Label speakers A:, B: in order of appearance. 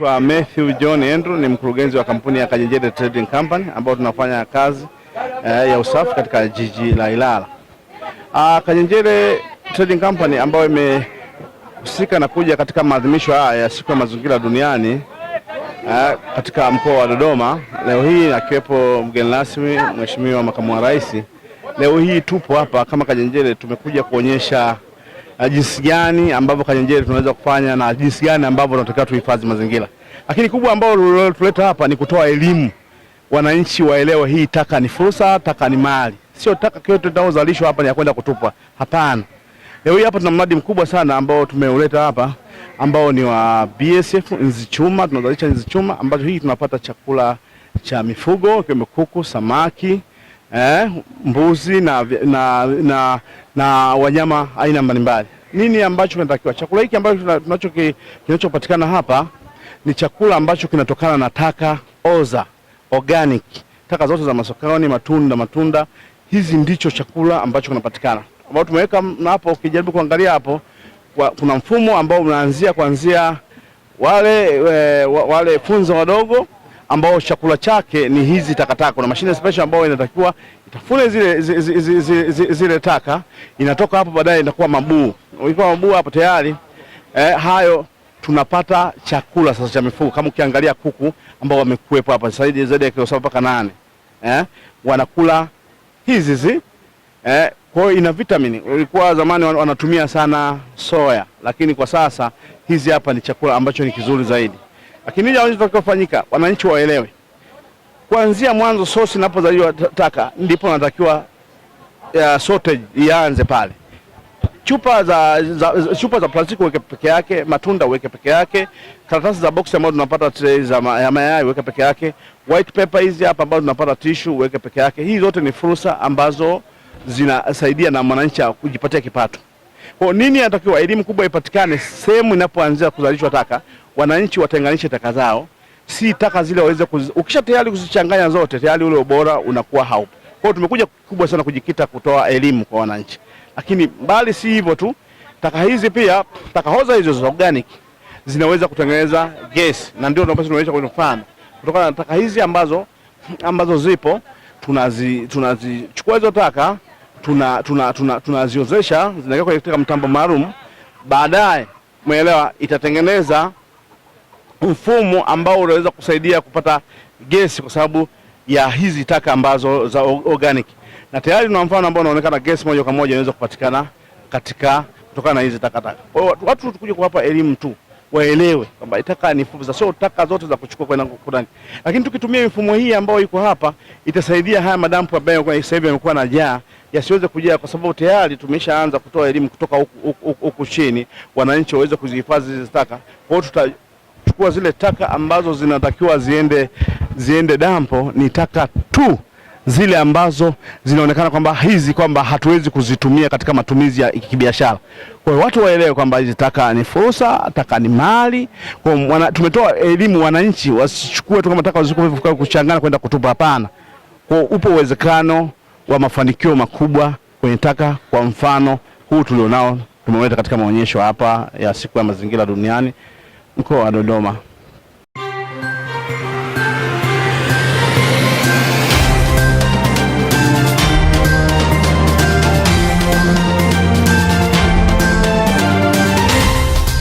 A: Naitwa Matthew John Andrew, ni mkurugenzi wa kampuni ya Kajengede Trading Company ambayo tunafanya kazi eh, ya usafi katika jiji la Ilala. Ah, Kajengede Trading Company ambayo imehusika na kuja katika maadhimisho haya ya siku ya mazingira duniani eh, katika mkoa wa Dodoma leo hii, akiwepo mgeni rasmi Mheshimiwa Makamu wa Rais. Leo hii tupo hapa kama Kajengede, tumekuja kuonyesha eh, jinsi gani ambavyo Kajengede tunaweza kufanya na jinsi gani ambavyo tunatakiwa tuhifadhi mazingira. Lakini kubwa ambalo lilotuleta hapa ni kutoa elimu, wananchi waelewe hii taka ni fursa, taka ni mali, sio taka kile tunaozalishwa hapa ni ya kwenda kutupa. Hapana. Leo hapa tuna mradi mkubwa sana ambao tumeuleta hapa ambao ni wa BSF nzi chuma, tunazalisha nzi chuma ambacho hii tunapata chakula cha mifugo kama kuku, samaki, eh, mbuzi na, na, na, na wanyama aina mbalimbali. Nini ambacho tunatakiwa? Chakula hiki ambacho tunacho kinachopatikana hapa ni chakula ambacho kinatokana na taka oza organic, taka zote za masokoni, matunda matunda, hizi ndicho chakula ambacho kinapatikana, ambao tumeweka hapo. Ukijaribu kuangalia hapo, kuna mfumo ambao unaanzia kuanzia wale we, wale funza wadogo ambao chakula chake ni hizi takataka. Kuna mashine special ambayo inatakiwa itafune zile, zile, zile, zile, zile taka, inatoka hapo, baadaye inakuwa mabuu. Ikiwa mabuu hapo tayari eh, hayo tunapata chakula sasa cha mifugo. Kama ukiangalia kuku ambao wamekuwepo hapa sasa zaidi ya kilo saba mpaka nane eh, wanakula hizi zi eh, kwa hiyo ina vitamini. Ilikuwa zamani wanatumia sana soya, lakini kwa sasa hizi hapa ni chakula ambacho ni kizuri zaidi. Lakini ile kufanyika, wananchi waelewe kuanzia mwanzo, sosi inapozaliwa taka ndipo natakiwa ya shortage ianze pale chupa za, za, za, chupa za plastiki uweke peke yake, matunda uweke peke yake, karatasi za box ambazo tunapata tray za ma, mayai uweke peke yake, white paper hizi hapa ambazo tunapata tissue uweke peke yake. Hii zote ni fursa ambazo zinasaidia na mwananchi kujipatia kipato. Kwa nini anatakiwa elimu kubwa ipatikane sehemu inapoanzia kuzalishwa taka, wananchi watenganishe taka zao, si taka zile waweze kuz... ukisha tayari kuzichanganya zote, tayari ule ubora unakuwa haupo. Kwa hiyo tumekuja kubwa sana kujikita kutoa elimu kwa wananchi. Lakini mbali si hivyo tu, taka hizi pia, taka hoza hizo za organic zinaweza kutengeneza gesi, na ndio tunapaswa kuonyesha kwa mfano, kutokana na taka hizi ambazo ambazo zipo, tunazichukua hizo taka tunaziozesha tuna, tuna, tuna zinawekwa katika mtambo maalum, baadaye umeelewa, itatengeneza mfumo ambao unaweza kusaidia kupata gesi kwa sababu ya hizi taka ambazo za organic, na tayari tuna mfano ambao unaonekana gesi moja kwa moja inaweza kupatikana katika kutokana na hizi takataka. Kwa hiyo watu tukuje kuwapa elimu tu waelewe kwamba taka ni fupi, sio taka zote za kuchukua kwenda kudani. Lakini tukitumia mifumo hii ambayo iko hapa, itasaidia haya madampu ambayo kwa sasa hivi yamekuwa na jaa yasiweze kujaa, kwa sababu tayari tumeshaanza kutoa elimu kutoka huku chini, wananchi waweze kuzihifadhi hizi taka. Kwa hiyo kuwa zile taka ambazo zinatakiwa ziende, ziende dampo ni taka tu zile ambazo zinaonekana kwamba hizi kwamba hatuwezi kuzitumia katika matumizi ya kibiashara. Kwa hiyo watu waelewe kwamba hizi taka ni fursa, taka ni mali. Kwa wana, tumetoa elimu wananchi wasichukue tu kama taka wazikuwa kuchangana kwenda kutupa, hapana. Kwa upo uwezekano wa mafanikio makubwa kwenye taka. Kwa mfano huu tulionao tumeleta katika maonyesho hapa ya siku ya mazingira duniani mkoa wa Dodoma.